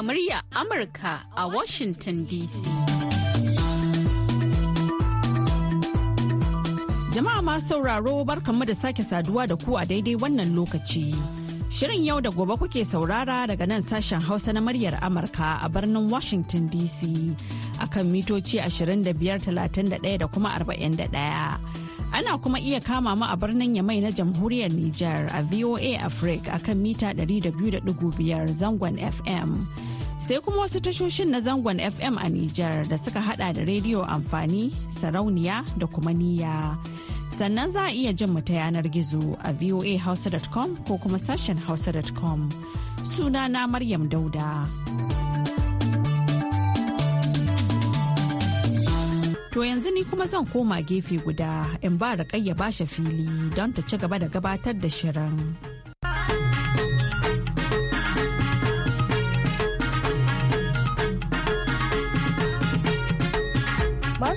daga murya Amurka a Washington DC. Jama'a masu sauraro barkanmu da sake saduwa da ku a daidai wannan lokaci. Shirin yau da gobe kuke saurara daga nan sashen Hausa na muryar Amurka a birnin Washington DC akan mitoci 25,31 da kuma 41. ana kuma iya kama mu a birnin yamai na jamhuriyar Nijar a VOA Africa akan mita 200.5 zangon FM. Sai kuma wasu tashoshin na zangon FM a Nijar da suka hada da rediyo amfani, sarauniya da kuma niyya. Sannan za a iya jin mu ta yanar gizo a voahausa.com ko kuma sashen hausa.com. na Maryam Dauda. To yanzu ni kuma zan koma gefe guda in ba da ba shi fili don ta ci gaba da gabatar da shirin.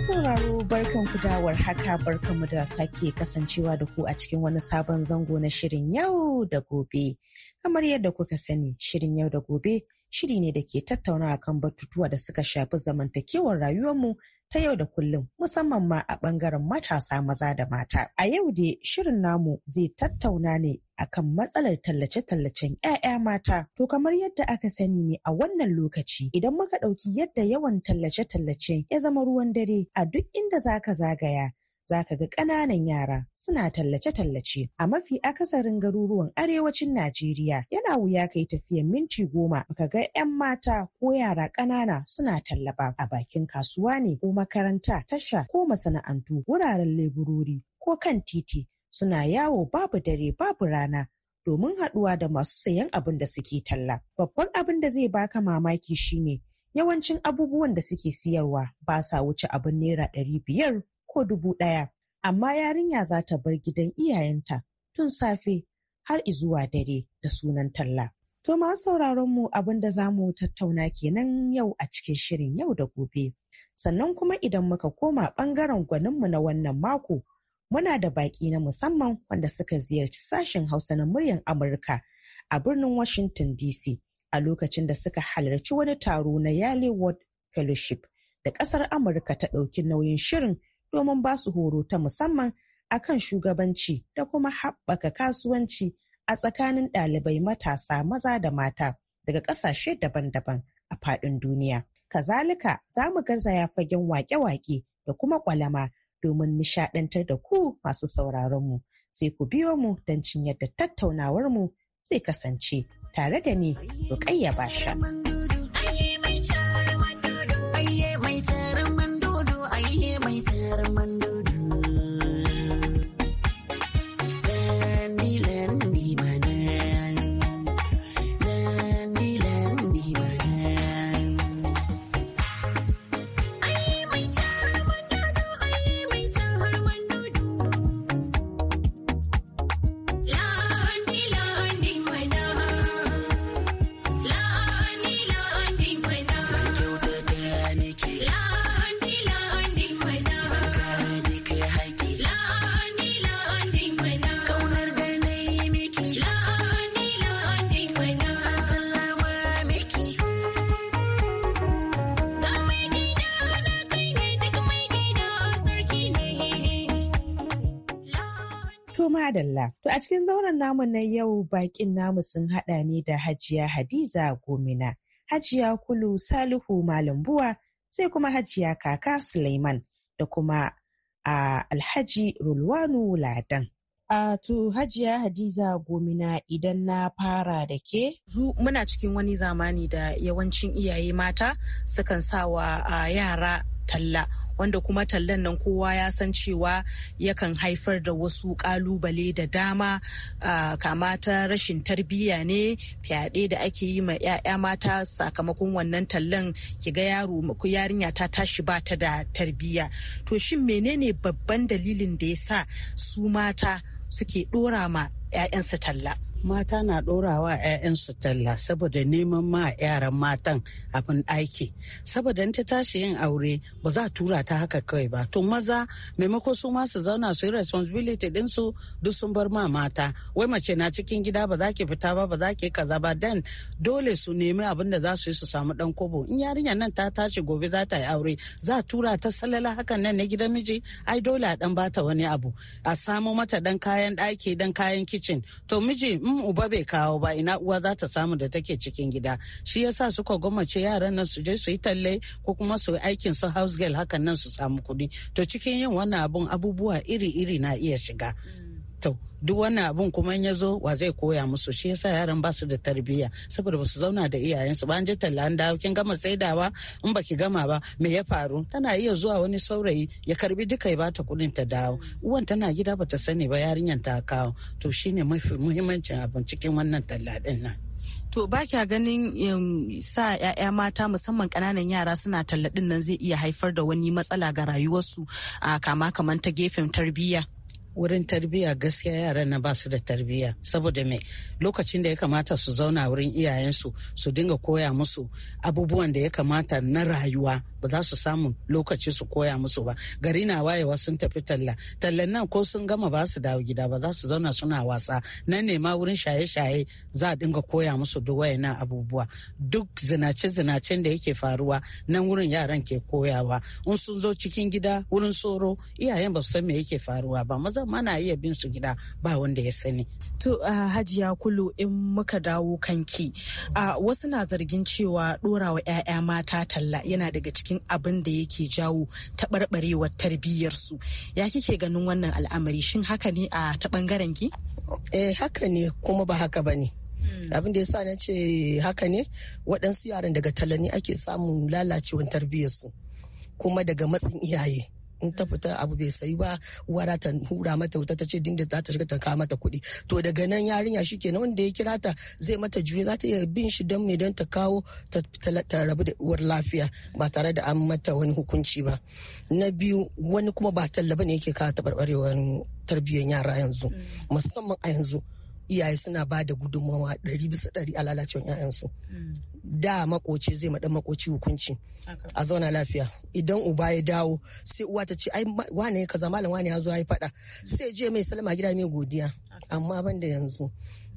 sauraro barkan ku dawar haka mu da sake kasancewa da ku a cikin wani sabon zango na shirin yau da gobe. Kamar yadda kuka sani shirin yau da gobe shiri ne da ke tattaunawa kan batutuwa da suka shafi zamantakewar rayuwarmu ta yau da kullum musamman ma a ɓangaren matasa maza da mata. A yau dai shirin namu zai tattauna ne akan matsalar tallace-tallacen 'ya'ya mata. To kamar yadda aka sani ne a wannan lokaci idan muka ɗauki yadda yawan tallace-tallace ya zama ruwan dare a duk inda zaka zagaya za ka ga ƙananan yara suna tallace-tallace a mafi akasarin garuruwan arewacin Najeriya yana wuya kai tafiyan minti goma ka ga 'yan mata ko yara ƙanana suna tallaba a bakin kasuwa ne ko makaranta tasha ko masana'antu wuraren leburori ko kan titi suna yawo babu dare babu rana domin haɗuwa da masu sayan abin da suke talla. Babban abin da zai baka mamaki shine yawancin abubuwan da suke siyarwa ba sa wuce abin naira ɗari biyar ko dubu ɗaya. Amma yarinya za ta bar gidan iyayenta tun safe har izuwa dare da sunan talla. To masu sauraron mu abin da za mu tattauna kenan yau a cikin shirin yau da gobe. Sannan kuma idan muka koma ɓangaren gwaninmu na wannan mako, muna da baƙi na musamman wanda suka ziyarci sashen Hausa na muryar Amurka a birnin Washington DC a lokacin da suka halarci wani taro na Yale World Fellowship da ƙasar Amurka ta ɗauki nauyin shirin domin ba su horo ta musamman a kan shugabanci da kuma haɓaka kasuwanci a tsakanin ɗalibai matasa maza da mata daga ƙasashe daban-daban a faɗin duniya. Kazalika za mu garzaya fagen waƙe-waƙe da kuma ƙwalama domin nishaɗantar da ku masu sauraronmu. Sai ku biyo mu don cin yadda mu zai kasance tare da ni Rukayya Basha. Ayye mai I'm hermano. madalla. To a cikin zauren namu na yau bakin namu sun haɗa ne da Hajiya Hadiza Gomina, Hajiya Kulu Salihu Malambuwa, sai kuma Hajiya Kaka Suleiman da kuma a Alhaji Rulwanu Ladan. A to Hajiya Hadiza Gomina idan na fara da ke. Muna cikin wani zamani da yawancin iyaye mata sukan sawa a yara talla wanda kuma tallan nan kowa ya san cewa yakan haifar da wasu kalubale da dama kama ta rashin tarbiyya ne fyaɗe da ake yi ma 'ya'ya mata sakamakon wannan tallan kiga yaro ko yarinya ta tashi ba ta da tarbiyya to shin menene babban dalilin da ya sa su mata suke ɗora ma 'ya'yansu talla mata na ɗorawa 'ya'yansu talla saboda neman ma yaran matan abin aiki saboda ta tashi yin aure ba za tura ta haka kawai ba to maza maimako su ma su zauna su yi responsibility ɗinsu duk sun bar ma mata wai mace na cikin gida ba za ki fita ba ba za ki kaza ba dan dole su nemi abin da za su yi su samu ɗan kobo in yarinyar nan ta tashi gobe za ta yi aure za tura ta salala hakan nan na gidan miji ai dole a ɗan bata wani abu a samo mata dan kayan ɗaki dan kayan kicin to miji in uba bai kawo ba ina uwa za ta samu da take cikin gida shi yasa suka gwammace yaran nan su je su yi talle ko kuma su aikin su house girl hakan nan su samu kuɗi to cikin yin wannan abun abubuwa iri-iri na iya shiga. to duk wannan abun kuma in ya zo wa zai koya musu shi yasa yaran ba su da tarbiyya saboda ba su zauna da iyayensu ba an je talla an dawo kin gama sai saidawa in baki gama ba me ya faru tana iya zuwa wani saurayi ya karbi duka ya bata kudin ta dawo uwan tana gida bata sani ba yarinyan ta kawo to shine mafi muhimmancin abin cikin wannan talla din nan to ba kya ganin sa 'ya'ya mata musamman kananan yara suna talla tallaɗin nan zai iya haifar da wani matsala ga rayuwarsu a kama kaman ta gefen tarbiyya wurin tarbiyya gaskiya yaran na basu da tarbiyya saboda me lokacin da ya kamata su zauna wurin iyayensu su dinga koya musu abubuwan da ya kamata na rayuwa ba za su samu lokaci su koya musu ba gari na wayewa sun tafi talla tallan nan ko sun gama ba su dawo gida ba za su zauna suna wasa nan ne wurin shaye-shaye za a dinga koya musu duk wayannan abubuwa duk zinace-zinacen da yake faruwa nan wurin yaran ke koyawa in sun zo cikin gida wurin tsoro iyayen ba su san me yake faruwa ba maza matan mana iya bin su gida ba wanda ya sani to hajiya kulu in muka dawo kanki uh, wasu na zargin cewa dorawa 'ya'ya mata talla yana daga cikin abin da yake jawo taɓarɓarewar tarbiyyarsu ya kike ganin wannan al'amari shin haka ne a ta ɓangaren ki eh haka ne kuma ba haka ba ne hmm. abin da ya sa na ce haka ne waɗansu yaran daga talani ake samun lalacewar tarbiyyarsu kuma daga matsin iyaye in ta fita abu bai sayi ba uwa za ta hura mata wuta ta ce dinda za ta shiga ta kawo mata kuɗi to daga nan yarinya shi kenan wanda ya kira ta zai mata juye za ta iya bin shi don me don ta kawo ta rabu da uwar lafiya ba tare da an mata wani hukunci ba na biyu wani kuma ba talla ba ne yake kawo tabarbarewar tarbiyyar yara yanzu mm. musamman a yanzu iyaye suna ba da gudunmawa ɗari bisa ɗari a lalacewar 'ya'yansu mm. da makoci zai maɗan makoci hukunci a zauna lafiya idan uba ya dawo sai uwa ta ce ai wane kaza malam wane ya zo ya faɗa sai je mai salama gida mai godiya amma ban da yanzu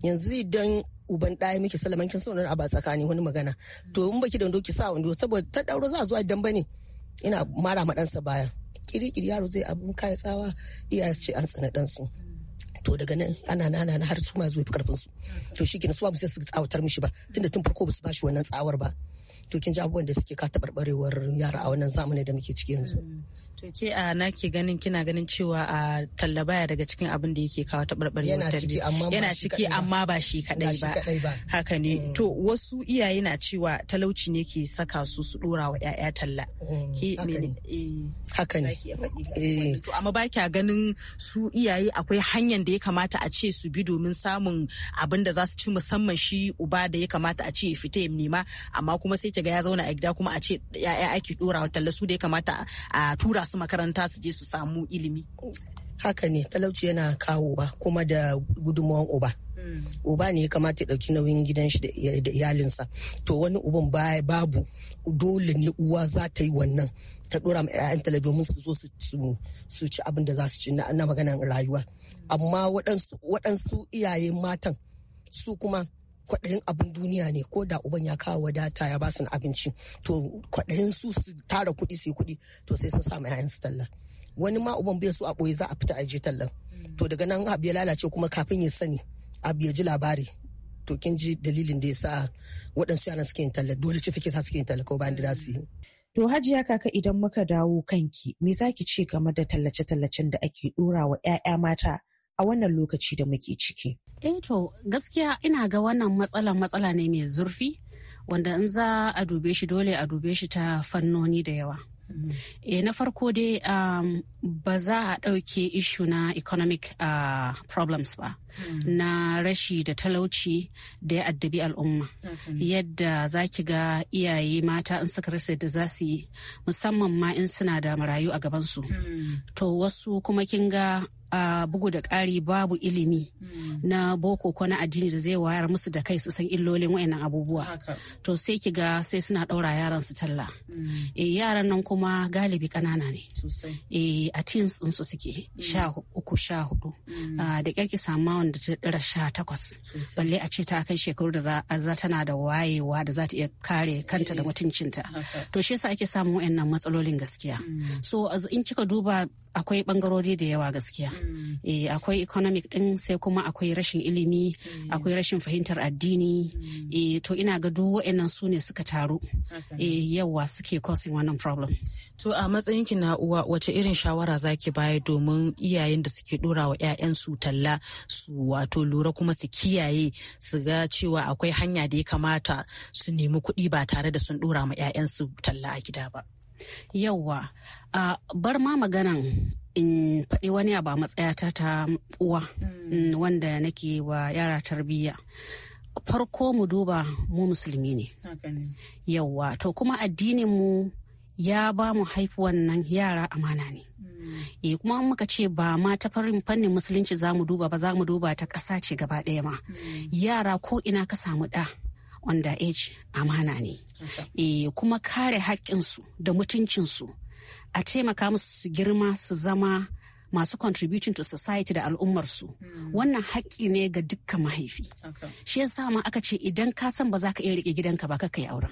yanzu idan uban ɗaya miki salaman kin sanar a ba tsakani wani magana mm. to in baki da ki sa wando saboda ta ɗauro za a zuwa idan bane ina mara ma ɗansa baya kiri yaro zai abun kaya tsawa iyaye ce an tsana ɗansu to daga nan ana na ana har su ma zuwa karfin su to shikenan su ba sai su tsawatar mishi ba tunda tun farko ba su bashi wannan tsawar ba to kin ji abubuwan da suke ka taɓarɓarewar yara a wannan zamanin da muke ciki yanzu To ke a na ke ganin kina ganin cewa a tallabaya daga cikin abin da yake kawo taɓarɓarewar tarbiyya. Yana ciki amma ba shi kaɗai ba. Haka ne. Mm. To wasu iyaye na cewa talauci ne ke saka su su ɗora wa 'ya'ya talla. Mm. Eh, Haka ne. Eh. To amma ba kya ganin su iyaye akwai hanyar da ya kamata a ce su bi domin samun abin da za su ci musamman shi uba da ya kamata a ce fita ya nema amma kuma sai kiga ya zauna a gida kuma a ce 'ya'ya ake ɗora wa talla su da ya kamata a tura su makaranta su je su samu ilimi haka ne talauci yana kawowa kuma da gudunmawan uba hmm. uba ne ya kamata ya ɗauki nauyin gidan shi da iyalinsa to wani uban baya babu dole ne uwa za ta yi wannan ta ɗora ma 'ya'yanta domin su zo su ci abin da za su ci na maganan rayuwa hmm. amma waɗansu iyayen matan su kuma kwaɗayin abin duniya ne ko da uban ya kawo wadata ya ba su na abinci to kwaɗayin su su tara kuɗi su yi kuɗi to sai sun sa ma 'ya'yan su talla wani ma uban bai so a ɓoye za a fita a je tallan to daga nan abu ya lalace kuma kafin ya sani abu ya ji labari to kin ji dalilin da ya sa waɗansu yaran suke yin talla dole ce fike sa suke yin talla ko bayan da su yi. To hajiya kaka idan muka dawo kanki me zaki ki ce game da tallace-tallacen da ake ɗora wa 'ya'ya mata a wannan lokaci da muke ciki. Eh to gaskiya ina ga wannan matsala matsala ne mai zurfi wanda in za a dube shi dole a dube shi ta fannoni da yawa. Mm. eh E, na farko dai um, ba za a ɗauke ishu na economic uh, problems ba. na rashi da talauci da ya addabi al'umma mm-hmm. yadda za ki ga iyaye mata in suka rasa da za su yi musamman ma in suna da marayu a gabansu mm-hmm. to wasu kuma kin ga a bugu da ƙari babu ilimi mm-hmm. na boko ko na addini da zai wayar musu da kai su san illolin wayannan abubuwa to sai ki ga sai suna ɗaura yaran su talla eh, yaran nan kuma galibi ƙanana ne eh, a teens su suke sha uku sha hudu ah, da ƙyar ki samu musamman da ta sha takwas balle a ce ta kai shekaru da za tana da wayewa da za ta iya kare kanta da eh, mutuncinta to shi yasa ake samun wayannan matsalolin gaskiya mm. so in kika duba akwai bangarori da yawa gaskiya mm. eh, akwai economic din sai kuma akwai rashin ilimi mm. akwai rashin fahimtar addini mm. eh, to ina ga duk wa'annan su ne suka taru eh, yawa suke causing wannan problem to a matsayinki na uwa wace irin shawara zaki baya domin iyayen da suke dora wa 'ya'yansu talla su wato lura kuma su kiyaye su ga cewa akwai hanya da ya kamata su nemi kuɗi ba tare da sun dora ma 'ya'yansu talla a gida ba Yauwa, a bar ma maganan in faɗi wani abu a matsayata ta uwa mm. Mm, wanda nake wa yara tarbiyya. Farko mu duba mu musulmi ne. Okay. to kuma addinin mu ya ba mu haifi wannan yara amana ne. e kuma muka ce ba ma ta farin fannin musulunci za mu duba ba za mu duba ta ƙasa ce gaba ɗaya ma yara ko ina ka samu ɗa underage amana ne e, kuma kare haƙƙinsu da mutuncinsu a taimaka musu su girma su zama masu contributing to society da al'ummarsu mm. wannan haƙƙi ne ga dukkan mahaifi okay. shi yasa ma aka ce idan ka san ba za ka iya rike gidanka ba ka kai auren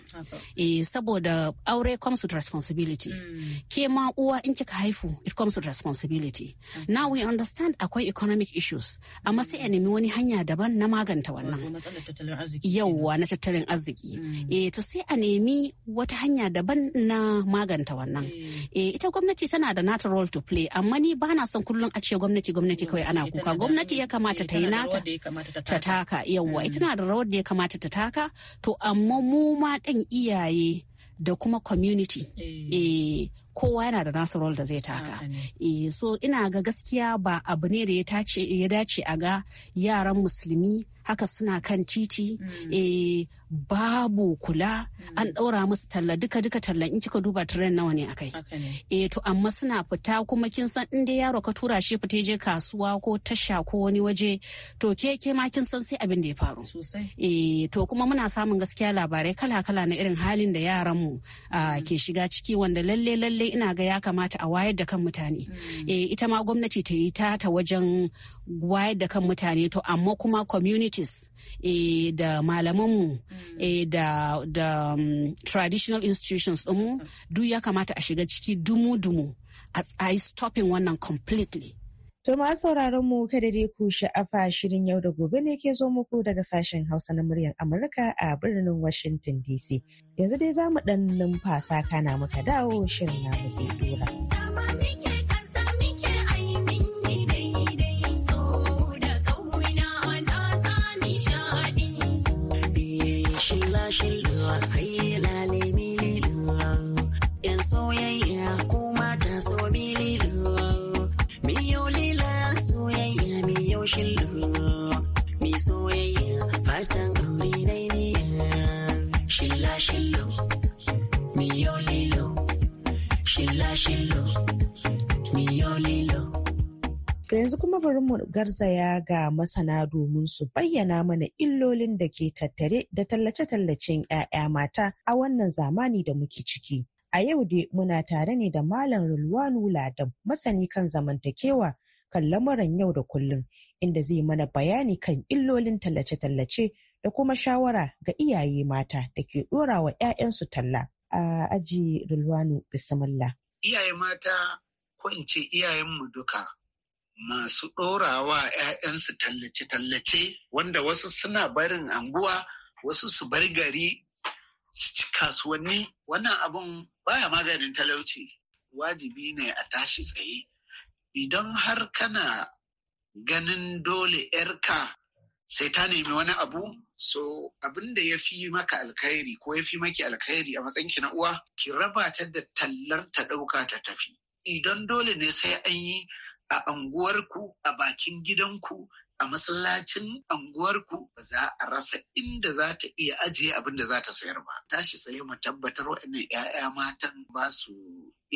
e, saboda aure comes with responsibility hmm. ke ma uwa in kika haifu it comes with responsibility now we understand akwai economic issues amma sai a nemi wani hanya daban na maganta wannan yauwa na tattalin arziki hmm. eh to sai a nemi wata hanya daban na maganta wannan eh, eh ita gwamnati tana da natural role to play amma ni bana ana son kullum a ce gwamnati gwamnati kawai ana kuka gwamnati ya kamata ta yi nata ta taka yawwa ita na da rawar da ya kamata ta taka to amma mu ma ɗan iyaye da kuma community e, kowa yana da nasu rol da zai taka e, so ina ga gaskiya ba abu ne da ya dace a ga yaran musulmi haka suna kan titi e, babu kula mm. an ɗaura musu talla duka duka talla in kika duba tren nawa ne akai e eh, to amma suna fita kuma kin san in dai yaro ka tura shi fita je kasuwa ko tasha ko wani waje to ke ke ma kin san sai abin da ya faru e to kuma muna samun gaskiya labarai kala kala na irin halin da yaran mu mm. ke shiga ciki wanda lalle lalle ina ga ya kamata a wayar da kan mutane e ita ma gwamnati ta yi ta ta wajen wayar da kan mutane to amma kuma communities e, da malamanmu e, da, da um, traditional institutions mu duk ya kamata a shiga ciki dumu-dumu a i stopping wannan completely. To ma sauraron mu kada dai ku sha'afa shirin yau da gobe ne ke zo muku daga sashen Hausa na muryar Amurka a birnin Washington DC. Yanzu dai za mu ɗan numfasa kana muka dawo shirin na sai dora. mu garzaya ga masana domin su bayyana mana illolin da ke tattare da tallace-tallacen 'ya'ya mata a wannan zamani da muke ciki. A yau dai muna tare ne da Malam Rulwanu Ladam masani kan zamantakewa kan lamuran yau da kullum inda zai mana bayani kan illolin tallace-tallace da kuma shawara ga iyaye mata da ke ɗorawa 'ya'yansu talla. A aji Rulwanu Bismillah. Iyaye mata ko in ce iyayenmu duka masu ɗorawa 'ya'yansu tallace-tallace wanda wasu suna barin anguwa wasu su bar gari su ci kasuwanni wannan abin baya maganin talauci wajibi ne a tashi tsaye idan har kana ganin dole 'yarka sai ta nemi wani abu so abin da ya fi maka alkhairi ko ya fi maki alkhairi a ki na uwa ki rabata da tallar ta ɗauka ta tafi idan dole ne sai an yi a anguwarku a bakin gidanku a masallacin anguwarku ba za a rasa inda za ta iya ajiye abin da za ta sayar ba tashi sai mu tabbatar waɗannan 'ya'ya matan ba su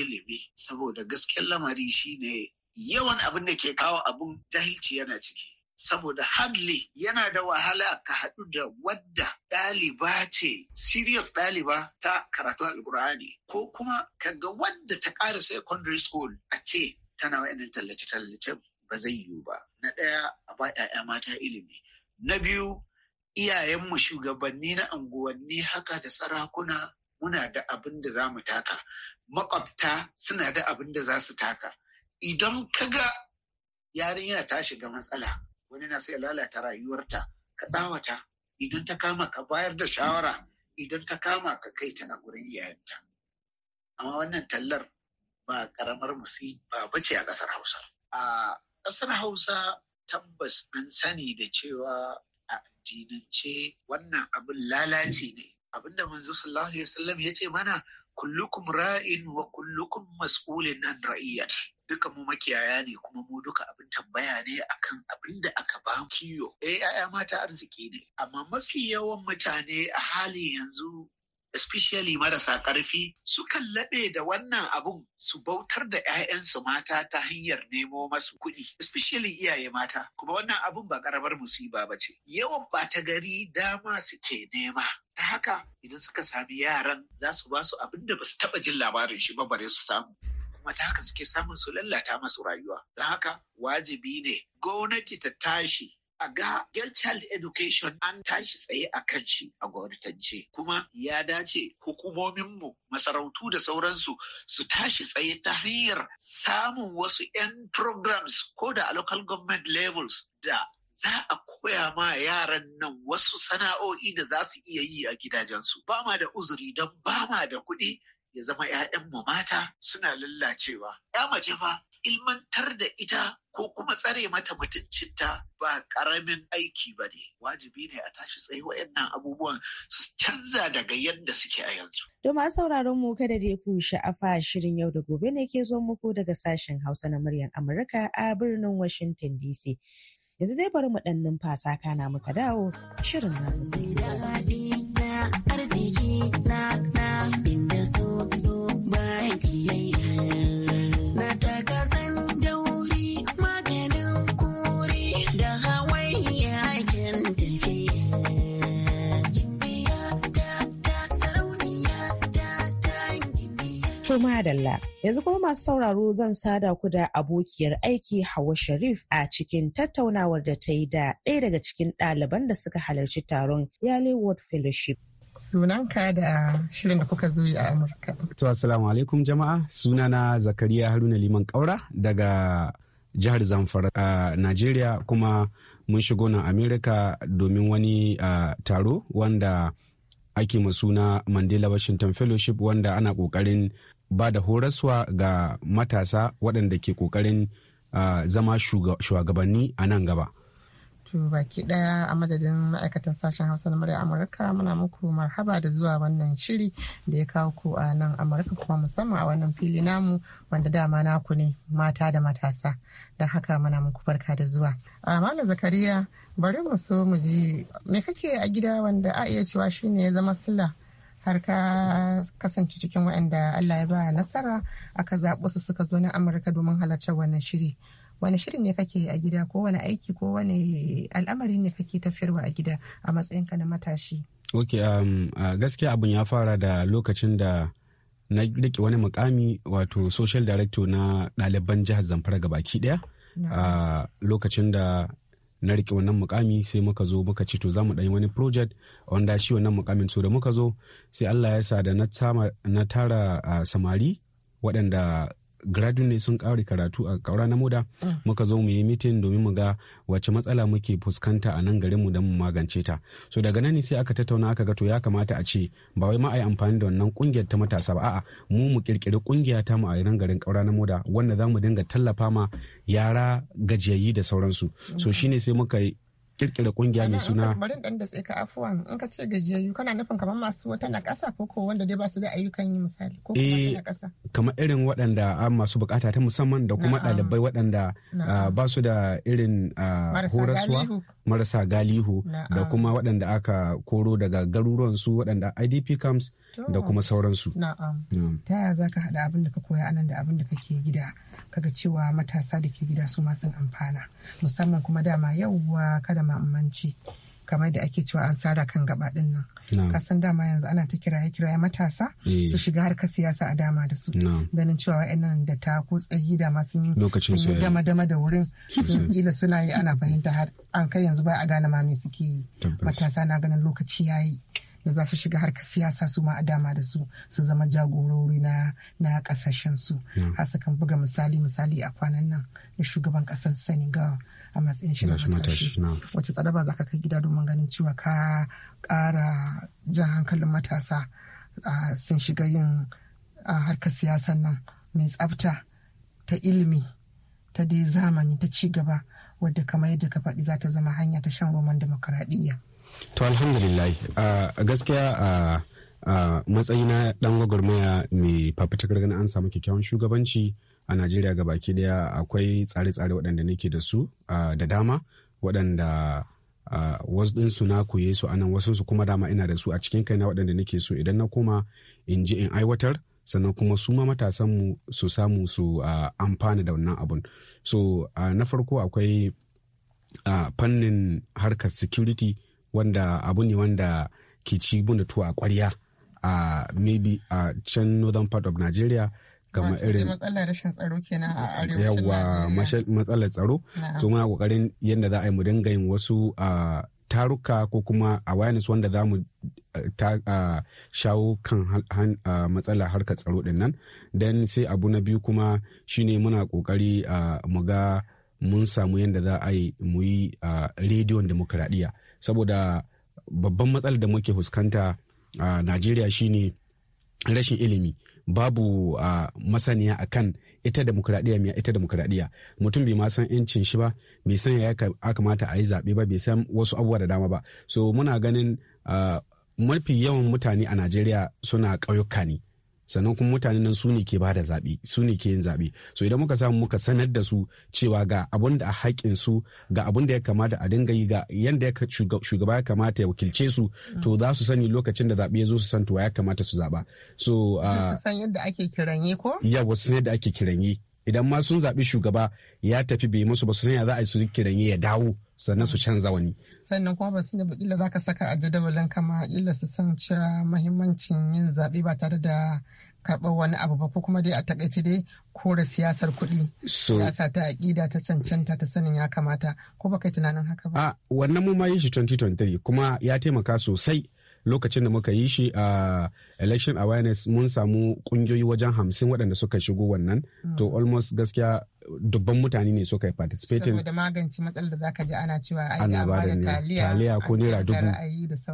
ilimi saboda gaskiyar lamari shine yawan abin da ke kawo abin jahilci yana ciki saboda hadli yana da wahala ka haɗu da wadda ɗaliba ce serious ɗaliba ta karatu alkur'ani ko kuma ka ga wadda ta ƙara secondary school a ce tana wayannan tallace-tallace ba zai yiwu ba na ɗaya a ba 'ya'ya mata ilimi na biyu iyayenmu shugabanni na anguwanni haka da sarakuna muna da abin da za mu taka makwabta suna da abin da za su taka idan ka ga yarinya ta shiga matsala wani na sai lalata rayuwarta ka tsawata idan ta kama ka bayar da shawara idan ta kama ka kai ta a gurin iyayenta amma wannan tallar ba karamar musiba ba ce a ƙasar Hausa. A ƙasar Hausa tabbas an sani da cewa a addinance wannan abin lalaci ne. Abinda manzo sallallahu alaihi wasallam ya ce mana kullukum ra'in wa kullukum mas'ulin an ra'iyyar. duka mu makiyaya ne kuma mu duka abin tambaya ne akan abin da aka ba kiyo eh ya'ya mata arziki ne amma mafi yawan mutane a halin yanzu especially marasa ƙarfi sukan laɓe da wannan abun su bautar da 'ya'yansu mata ta hanyar nemo masu kuɗi especially iyaye mata kuma wannan abun ba ƙaramar musiba ba ce yawan ɓata gari dama suke nema ta haka idan suka sami yaran za su ba su abin da ba su taɓa jin labarin shi ba bare su samu kuma ta haka suke samun su lallata masu rayuwa don haka wajibi ne gwamnati ta tashi a ga girl child education an tashi tsaye a kan shi a gwamnatance kuma ya dace hukumominmu masarautu da sauransu su tashi tsaye ta hanyar samun wasu 'yan programs ko da a local government levels da za a koya ma yaran nan wasu sana'o'i da za su iya yi a gidajensu ba ma da uzuri don ba ma da kuɗi ya zama 'ya'yan mu mata suna lallacewa ya mace fa ilmantar da ita ko kuma tsare mata mutuncinta ba ƙaramin aiki ba ne wajibi ne a tashi tsaye waɗannan abubuwan su canza daga yadda suke a yanzu. To sauraron mu kada da ku sha'afa shirin yau da gobe ne ke zo muku daga sashen Hausa na muryar Amurka a birnin Washington DC. Yanzu dai bari mu ɗan numfasa kana muka dawo shirin na arziki na To madalla, yanzu kuma masu sauraro zan sada ku da abokiyar aiki Hawa Sharif a cikin tattaunawar da ta yi da ɗaya daga cikin ɗaliban da suka halarci taron Yale World Fellowship. Sunanka da shirin da kuka zo a Amurka. To assalamu alaikum jama'a, sunana Zakariya Haruna Liman Kaura daga jihar Zamfara a Najeriya kuma mun shigo nan Amerika domin wani taro wanda ake suna Mandela Washington Fellowship wanda ana kokarin ba da horaswa ga matasa waɗanda ke ƙoƙarin zama shugabanni a nan gaba. To baki ɗaya a madadin ma'aikatan sashen Hausa na murya Amurka muna muku marhaba da zuwa wannan shiri da ya kawo ku a nan Amurka kuma musamman a wannan fili namu wanda dama naku ne mata da matasa don haka muna muku barka da zuwa. A Malam Zakariya bari mu so mu ji me kake a gida wanda a iya cewa shine ya zama sula. har ka kasance cikin waɗanda Allah ya ba nasara aka zaɓo su suka zo na Amurka domin halartar wannan shiri. Wani shiri ne kake a gida ko wani aiki ko wani al'amari ne kake tafiyarwa a gida a matsayinka na matashi? Ok, um, uh, gaskiya abin ya fara da lokacin da na riƙe wani mukami wato social director na ɗaliban jihar Zamfara gabaki baki ɗaya. No. Uh, lokacin da na rike wannan mukami sai muka zo muka ci to zamu mu ɗanyi wani project wanda shi wannan mukamin so da muka zo sai allah ya sa da na tara ah, samari waɗanda gradu ne sun kare karatu a kaura na muda mm. muka zo mu yi mitin domin mu ga wace matsala muke fuskanta a nan garin mu don mu magance ta so daga nan sai aka tattauna aka ga to ya kamata a ce ba wai ma ai amfani da wannan kungiyar ta matasa ba a'a mu mu kirkiri kungiya ta mu a nan garin kaura na muda wanda za mu dinga tallafa ma yara gajiyayi da sauransu mm. so shine sai muka kirkira kungiya mai suna bari dan da tsaye ka afuwan in ka ce gajiyayyu kana nufin kamar masu wata na ƙasa ko ko wanda dai ba su da ayyukan yi misali ko kuma eh, na ƙasa kamar irin waɗanda masu bukata ta musamman da kuma ɗalibai waɗanda ba su da irin horaswa marasa galihu da kuma waɗanda aka koro daga garuruwan su waɗanda IDP camps da kuma sauransu na'am ta yaya ka haɗa abin da ka koya anan da abin da kake gida kaga cewa matasa da ke gida su ma sun amfana musamman kuma dama yauwa kada dama kamar da ake cewa an sara kan gaba din nan kasan dama yanzu ana ta kiraye kiraye matasa eh. su shiga harka siyasa a dama da su ganin cewa wa'annan da ta ku tsayi da ma sun yi dama dama da wurin kila suna yi ana fahimta har an kai yanzu ba a gane ma me suke yi matasa na ganin lokaci yayi da za su shiga harka siyasa su ma a dama da su su zama jagorori na na kasashen su har kan buga misali misali a kwanan nan na shugaban kasar senegal a matsayin shi na matashi wace tsaraba za ka kai gida domin ganin cewa ka kara jan hankalin matasa sun shiga yin harkar siyasan nan mai tsafta ta ilimi ta dai zamani ta ci gaba wadda kamar yadda ka faɗi za ta zama hanya ta shan roman demokaradiyya. to alhamdulillah gaskiya a matsayina ɗan gwagwarmaya mai fafutukar ganin an samu kyakkyawan shugabanci a najeriya ga baki daya akwai tsare-tsare waɗanda nake da su da dama waɗanda wasu ɗinsu na koye su anan wasu su kuma dama ina da su a cikin kaina waɗanda nake so idan na koma in ji in aiwatar sannan kuma su ma matasanmu su samu su amfana da wannan abun so na farko akwai fannin harkar security wanda abu ne wanda ke ci bunda tuwa a kwarya a maybe a can northern part of nigeria kamar irin matsalar rashin tsaro kenan a arewacin yawa matsalar tsaro to muna kokarin yadda za a yi mu dinga yin wasu taruka ko kuma awareness wanda za mu shawo kan matsala harkar tsaro din nan dan sai abu na biyu kuma shine muna kokari mu ga mun samu yadda za a yi mu yi rediyon demokuraɗiyya saboda babban matsalar da muke fuskanta a najeriya shine rashin ilimi babu a masaniya akan ita demokuraɗiyya mai ita demokuraɗiyya mutum bai ma san yancin shi ba bai san ya kamata a yi zaɓe ba bai san wasu abubuwa da dama ba so muna ganin mafi yawan mutane a najeriya suna ƙauyuka ne sannan kuma mutanen nan su ne ke ba da zaɓe su ne ke yin zaɓe so idan muka samu muka sanar da su cewa ga abun da a haƙin su ga abun da ya kamata a dinga yi ga yanda ya shugaba ya kamata ya wakilce su to za su sani lokacin da zaɓe ya zo su san to ya kamata su zaɓa so ah, su san yadda ake kiranye ko ya su san yadda ake kiranye idan ma sun zaɓi shugaba ya tafi bai musu ba su san ya za a yi su kiranye ya dawo sannan su canza wani. Sannan kuma ba ne kila za ka saka a jadawalin kama kila su san cewa mahimmancin yin zaɓe ba tare da karɓar wani abu ba ko kuma dai a takaice dai kore siyasar kuɗi. Siyasa ta aƙida ta cancanta ta sanin ya kamata ko ba kai tunanin haka ba. A wannan mu ma yi shi 2023 kuma ya taimaka sosai. lokacin da muka yi shi a election awareness mun samu ƙungiyoyi wajen hamsin waɗanda suka shigo wannan mm. to almost gaskiya dubban mutane ne suka yi participating saboda magance matsalar da zaka ji ana cewa ai ana ba da taliya ko nera dubu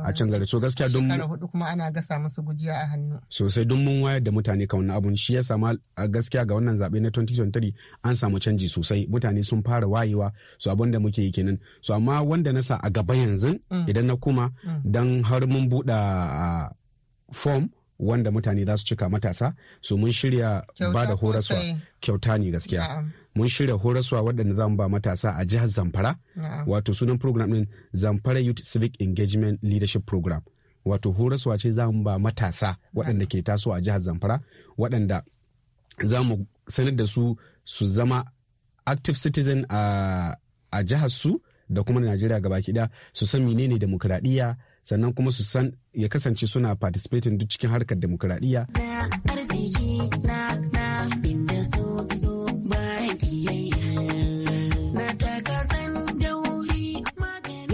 a can gari so gaskiya don mun. hudu kuma ana gasa musu gujiya a hannu sosai don mun wayar da mutane kan wannan abun shi ya sama a gaskiya ga wannan zabe na 2023 an samu canji sosai mutane sun fara wayewa su abin da muke yi kenan su amma wanda na sa a gaba yanzu mm. idan na kuma mm. dan har mun buɗe ah, form wanda mutane za su cika matasa su mun shirya ba da horaswa kyauta ne gaskiya mun shirya horaswa waɗanda za mu ba matasa a jihar zamfara wato sunan program ɗin zamfara youth civic engagement leadership program wato horaswa ce za mu ba matasa waɗanda ke taso a jihar zamfara waɗanda za mu sanar da su su zama active citizen a jihar su da kuma najeriya gabaki ɗaya su san menene demokradiyya sannan kuma su san ya kasance suna participating duk cikin harkar demokuraɗiyya.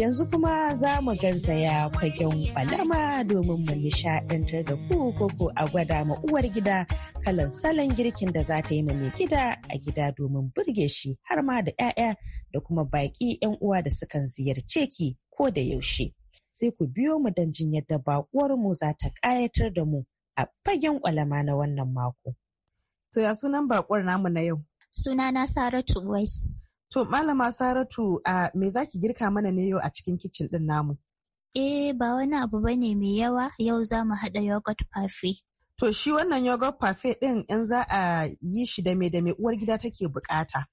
Yanzu kuma za mu garzaya fagen balama domin mu nishaɗantar da ku koko a gwada ma uwar gida kalan salon girkin da za ta yi ma mai gida a gida domin burge shi har ma da 'ya'ya da kuma baƙi 'yan uwa da sukan ziyarce ki ko da yaushe. sai ku biyo mu don jin yadda bakuwar mu za ta ƙayatar da mu a fagen ƙwalama na wannan mako. To ya sunan bakuwar namu na yau? Suna na Saratu Wais. To malama Saratu a me zaki girka mana ne yau a cikin kicin din namu? Eh ba wani abu ne mai yawa yau za mu haɗa yogurt pafe. To shi wannan yogurt pafe ɗin in za a yi shi da me da me uwar gida take bukata.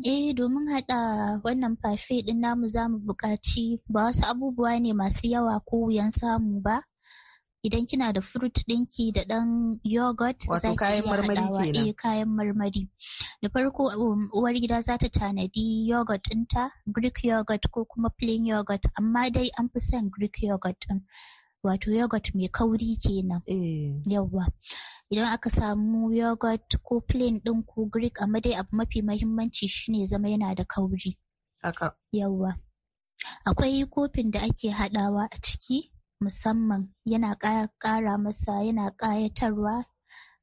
Eh domin haɗa wannan fafe ɗin namu za mu buƙaci ba wasu abubuwa ne masu yawa ko wuyan samu ba. Idan kina da fruit ɗinki da ɗan yogurt za ki iya haɗawa eh kayan marmari. Da farko um, uwar gida za ta tanadi yogurt ɗinta Greek yogurt ko kuma plain yogurt amma dai an fi son Greek yogurt ɗin. Wato yogurt mai kauri kenan. Eh. Yawwa. idan aka samu yogurt ko plain ɗin ko greek amma dai abu mafi mahimmanci shine zama yana da kauri haka yawa akwai kofin da ake haɗawa a ciki musamman yana ƙara masa yana ƙayatarwa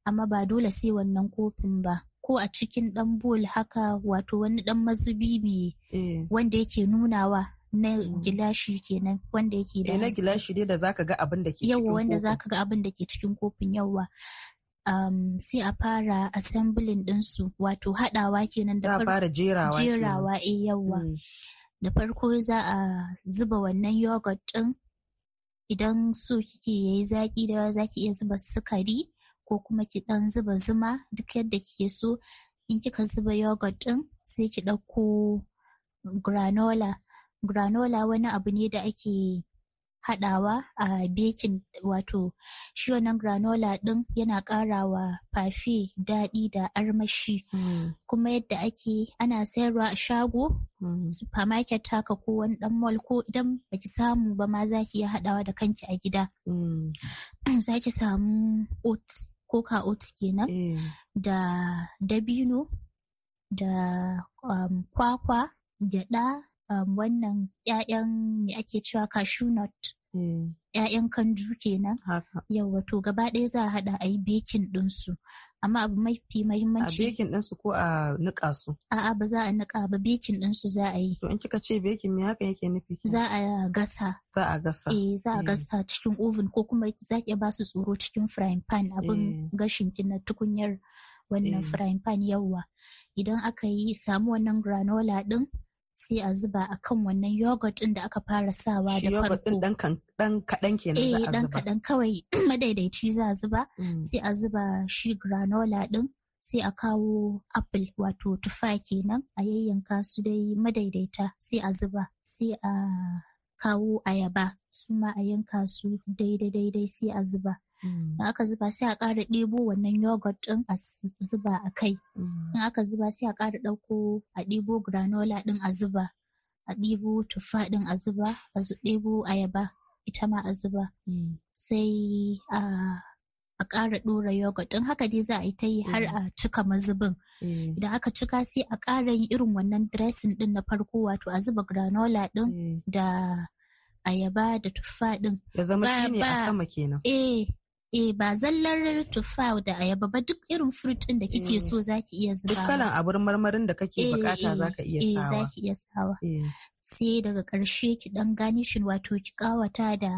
amma ba dole sai wannan kofin ba ko a cikin ɗan bol haka wato wani ɗan mazubi mai eh. wanda yake nunawa na mm. gilashi kenan wanda yake da eh, na gilashi dai da zaka ga abin da ke yawa wanda zaka ga abin da ke cikin kofin yawa um, sai a fara assembling ɗinsu wato haɗawa kenan da fara jerawa jerawa eh, yawa hmm. da farko za a zuba wannan yogurt ɗin idan so kike yayi zaki da yawa zaki iya zuba sukari ko kuma ki ɗan zuba zuma duk yadda kike so in kika zuba yogurt ɗin sai ki ɗauko granola granola wani abu ne da ake haɗawa a bekin wato shi wannan granola ɗin yana ƙarawa fafe daɗi da armashi mm. kuma yadda ake ana sayarwa a shago mm. supermarket haka ko wani ɗan mall ko idan baki samu ba ma zaki iya haɗawa da kanki a gida mm. zaki samu oats koka oats kenan eh. da dabino da um, kwakwa gyaɗa. um, wannan ‘ya'yan me ake cewa cashew nut. Eh. ‘Ya'yan mm. kanju kenan. Yawwa to gaba ɗaya za a haɗa a yi bekin ɗinsu. Amma abu mafi mahimmanci. A bekin ɗinsu ko a niƙa su? A'a ba za a niƙa ba bekin ɗinsu za a yi. To in kika ce bekin me haka yake nufi? Za a gasa. Za a gasa. Eh za a eh. gasa cikin oven ko kuma za ki ba su tsoro cikin frying pan abin eh. gashin na tukunyar wannan frying pan yawa. Idan aka yi samu wannan granola ɗin. sai a zuba a kan wannan yogurt ɗin da aka fara sawa da farko. Shi yogurt ɗin ɗan kaɗan kenan za a zuba? Eh ɗan kaɗan kawai madaidaici za a zuba mm. sai a zuba shi granola ɗin sai a kawo apple wato tufa kenan a yayyanka su dai madaidaita sai a zuba sai a kawo ayaba su ma a yanka su daidai daidai sai a zuba Mm. in aka zuba sai a ƙara ɗebo wannan yogurt ɗin a zuba a kai mm. in aka zuba sai a ƙara ɗauko a ɗebo granola ɗin a zuba a ɗebo tuffa ɗin a zuba a ɗebo ayaba ita ma a zuba mm. sai a kara ƙara ɗora yogurt ɗin haka dai za a yi ta yi har a cika mazubin idan aka cika sai a ƙara yin irin wannan dressing ɗin na farko wato a zuba granola ɗin da ayaba da tuffa din. Ya zama shi ne a sama kenan. Eh, eh ba zallar tuffa da ayaba ba duk irin fruit din da kike mm. so zaki iya zuba duk kalan abun marmarin da kake eh, bukata eh, zaka eh, iya sawa eh zaki iya sawa sai daga karshe ki dan ganishin wato ki kawata da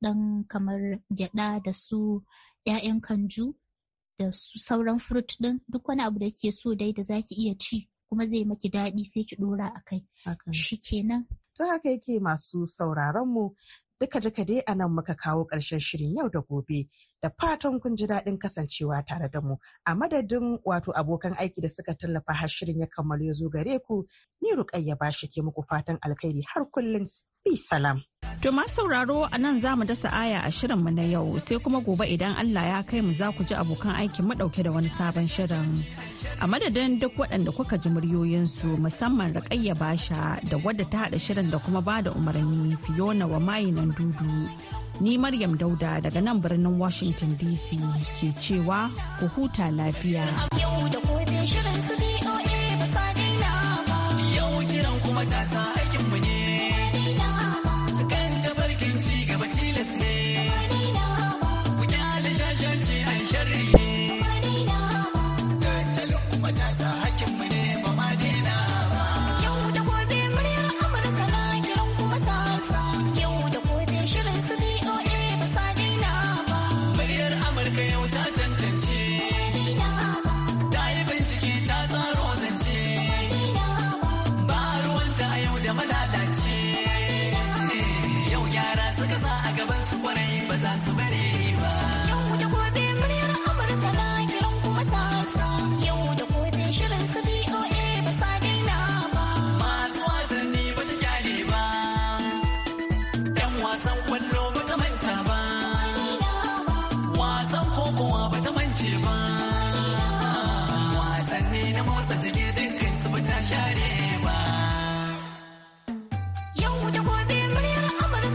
dan kamar gyada da su yayan kanju da su sauran fruit din duk wani abu da kike so dai da zaki iya ci kuma zai maki daɗi sai ki dora akai. shikenan To haka yake masu sauraron mu duka duka dai a nan muka kawo ƙarshen shirin yau da gobe da fatan kun ji daɗin kasancewa tare da mu a madadin wato abokan aiki da suka tallafa har shirin ya kammalu ya zo gare ku ni ruƙayya ba shi ke muku fatan alkhairi har kullum bi salam To masu sauraro a nan za mu dasa aya a shirinmu na yau sai kuma gobe idan Allah ya kai mu za ku ji abokan aikin ɗauke da wani sabon shirin. A madadin duk waɗanda kuka ji muryoyinsu musamman Raƙayya Basha da wadda ta haɗa shirin da kuma bada umarni Fiona wa mayinan dudu. Ni Maryam Dauda daga nan birnin Washington DC ke cewa ku huta lafiya. Yau da shirin sa kuma ta what